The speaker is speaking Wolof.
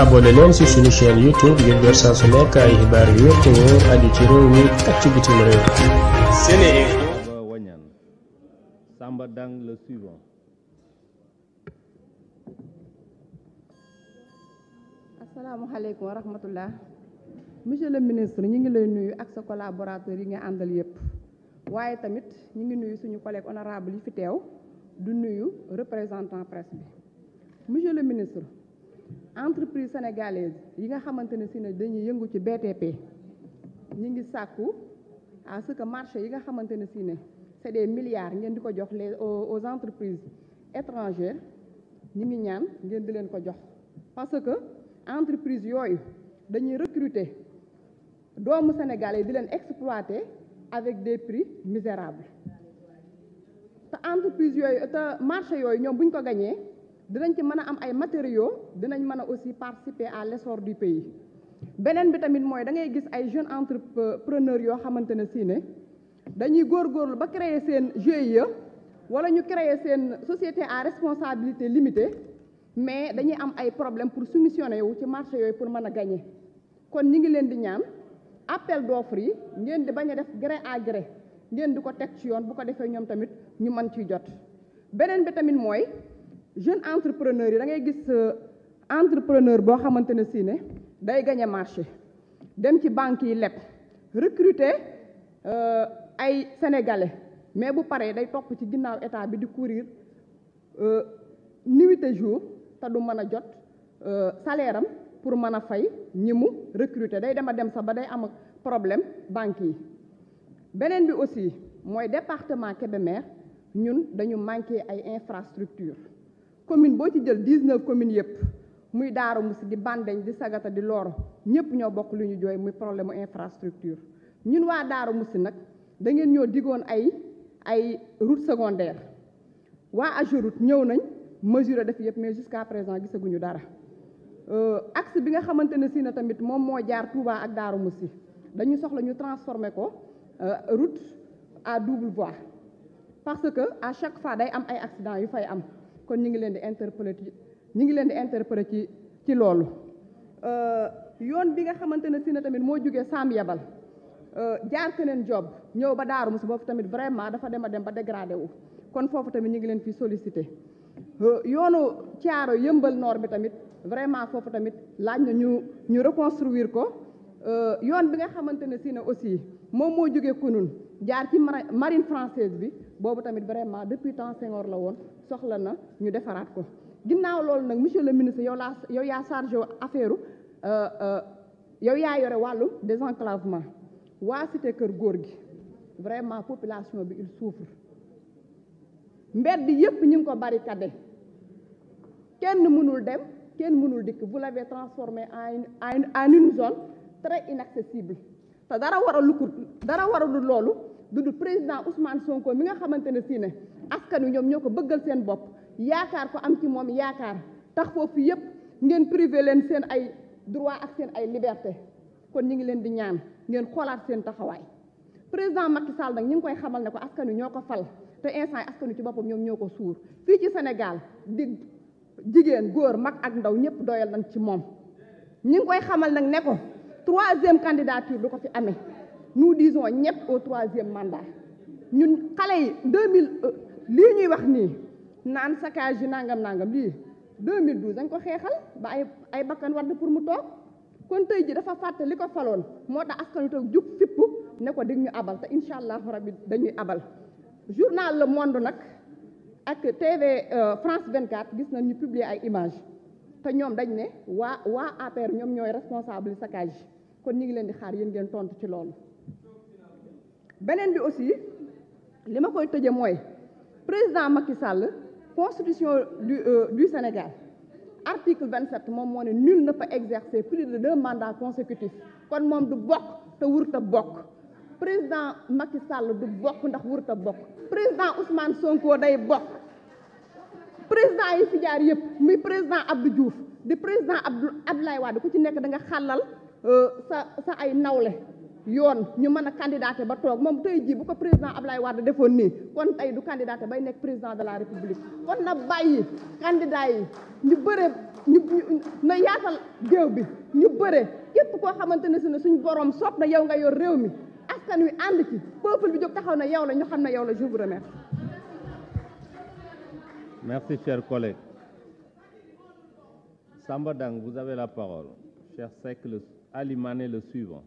abonné leen ci suñu chaîne YouTube ngir jot saa su yu wér te wóor ci réew mi ak ci bitim réew. Sénégal. Wañan Samba Dang le suivant. asalaamaaleykum wa monsieur le ministre ñu ngi lay nuyu ak sa collaborateur yi nga àndal yépp waaye tamit ñu ngi nuyu suñu collègue honorable yi fi teew du nuyu représentant presse bi le ministre. entreprise sénégalaise yi nga xamante ne si dañuy yëngu ci BTP ñi ngi sàkku à que marché yi nga xamante ne si ne c'est des milliards ngeen di ko jox les aux entreprises étrangères ñi ngi ñaan ngeen di leen ko jox parce que entreprise yooyu dañuy recruter doomu sénégalais di leen exploité avec des prix misérables te entreprise yooyu te marché yooyu ñoom bu ko gañee dinañ ci mën a am ay matériaux dinañ mën a aussi participer à l'essor du pays beneen bi tamit mooy da ngay gis ay jeunes entrepreneurs yoo xamante ne si dañuy góor góorlu ba créer seen GIE wala ñu créer seen société à responsabilité limitée mais dañuy am ay problème pour soumissionner wu ci marché yooyu pour mën a gagner kon ñi ngi leen di ñaan appel d'offre yi ngeen di bañ a def gré à gré ngeen di ko teg ci yoon bu ko defee ñoom tamit ñu mën ciy jot beneen bi tamit mooy jeune entrepreneur yi da ngay gis euh, entrepreneur boo xamante ne si ne day gañe marché dem ci banque yi leb recruter euh, ay sénégalais mais bu paree day topp ci ginnaaw état bi di courir euh, nuit et jour te du mën a jot salaire am pour mën a fay ñi mu recruter day dem a dem sax ba day am ak problème banque yi beneen bi aussi mooy département Kébémer ñun dañu manqué ay infrastructure commune boo ci jël dix-neuf commune yëpp muy Darou Moussi di Bandeñ di Sagata di Loro ñëpp ñoo bokk lu ñu jooy muy problème mu infrastructure ñun waa Darou Moussi nag da ngeen ñoo digoon ay ay route secondaire waa Ageroute ñëw nañ mesure def yëpp mais jusqu'à présent gisaguñu dara euh, axe bi nga xamante ne si na tamit moom moo jaar Touba ak Darou Moussi dañu soxla ñu transformer ko euh, route à double voie parce que à chaque fois day am ay accident yu fay am kon ñu ngi leen di interpeller ñu ngi leen di interpeller ci ci loolu euh, yoon bi nga xamante ne si na tamit moo jógee saam yebal euh, jaar keneen job ñëw ba daaru musu boobu tamit vraiment dafa dem a dem ba dégradé wu kon foofu tamit ñu ngi leen fi sollicité euh, yoonu caaro yëmbal noor bi tamit vraiment foofu tamit laaj na ñu ñu reconstruire ko yoon bi nga xamante ne si na aussi moom moo juge kunun jaar ci marine française bi boobu tamit vraiment depuis temps Senghor la woon soxla na ñu defaraat ko ginnaaw loolu nag monsieur le ministre yow la yow yaa chargé affaire euh, euh, yow yaa yore wàllu désenclavement waa cité kër góor gi vraiment population bi il souffre mbedd yépp ñu ngi ko barricadé kenn mënul dem kenn mënul dikk vous l'avez transformé en en une zone très inaccessible te dara waralu ko dara waralu loolu du dul président Ousmane Sonko mi nga xamante ne si ne askan wi ñoom ñoo ko bëggal seen bopp yaakaar ko am ci moom yaakaar tax foofu yépp ngeen privé leen seen ay droit ak seen ay liberté kon ñu ngi leen di ñaan ngeen xoolaat seen taxawaay président Macky Sall nag ñu ngi koy xamal ne ko askan wi ñoo ko fal te instant askan wi ci boppam ñoom ñoo ko suur fii ci Sénégal di jigéen góor mag ak ndaw ñëpp doyal nañ ci moom ñu ngi koy xamal nag ne ko troisième candidature du ko fi amee nous disons ñett au troisième mandat ñun xale yi 2000 euh, lii ñuy wax nii naan saccage yi nangam nangam lii 2012 dañ ko xeexal ba ay ay bakkan wadd pour mu toog kon tey ji dafa fàtte li ko faloon moo tax askan wi toog jug fipp ne ko dig ñu abal te incha allah rabbi dañuy abal journal Le Monde nag ak TV euh, France 24 gis nañ ñu publier ay image te ñoom dañ ne waa waa APR ñoom ñooy responsable saccage kon ñu ngi leen di xaar yéen ngeen tontu ci loolu beneen bi aussi li ma koy tëje mooy président Macky Sall constitution du euh, du Sénégal article 27 moom moo ne nul ne peut exercer plus de deux mandats consécutifs kon moom du bokk te wur a bokk président Macky Sall du bokk ndax wur a bokk président Ousmane Sonko day bokk président yi fi jaar yëpp muy président Abdou Diouf di président Abdou Abdoulaye Wade ku ci nekk danga nga xàllal euh, sa sa ay nawle yoon ñu mën a candidaté ba toog moom tey jii bu ko président ab war da defoon nii kon tey du candidaté bay nekk président de la république kon na bàyyi candidat yi ñu bëre na yaatal géew bi ñu bëre képp koo xamante ne si ne suñu borom soob na yow nga yor réew mi askan wi ànd ci peuple bi jóg taxaw na yow la ñu xam ne yow la je vous merci chers collègues. Samba Dang vous avez la parole. Cheikh Seck le Ali Mané le suivant.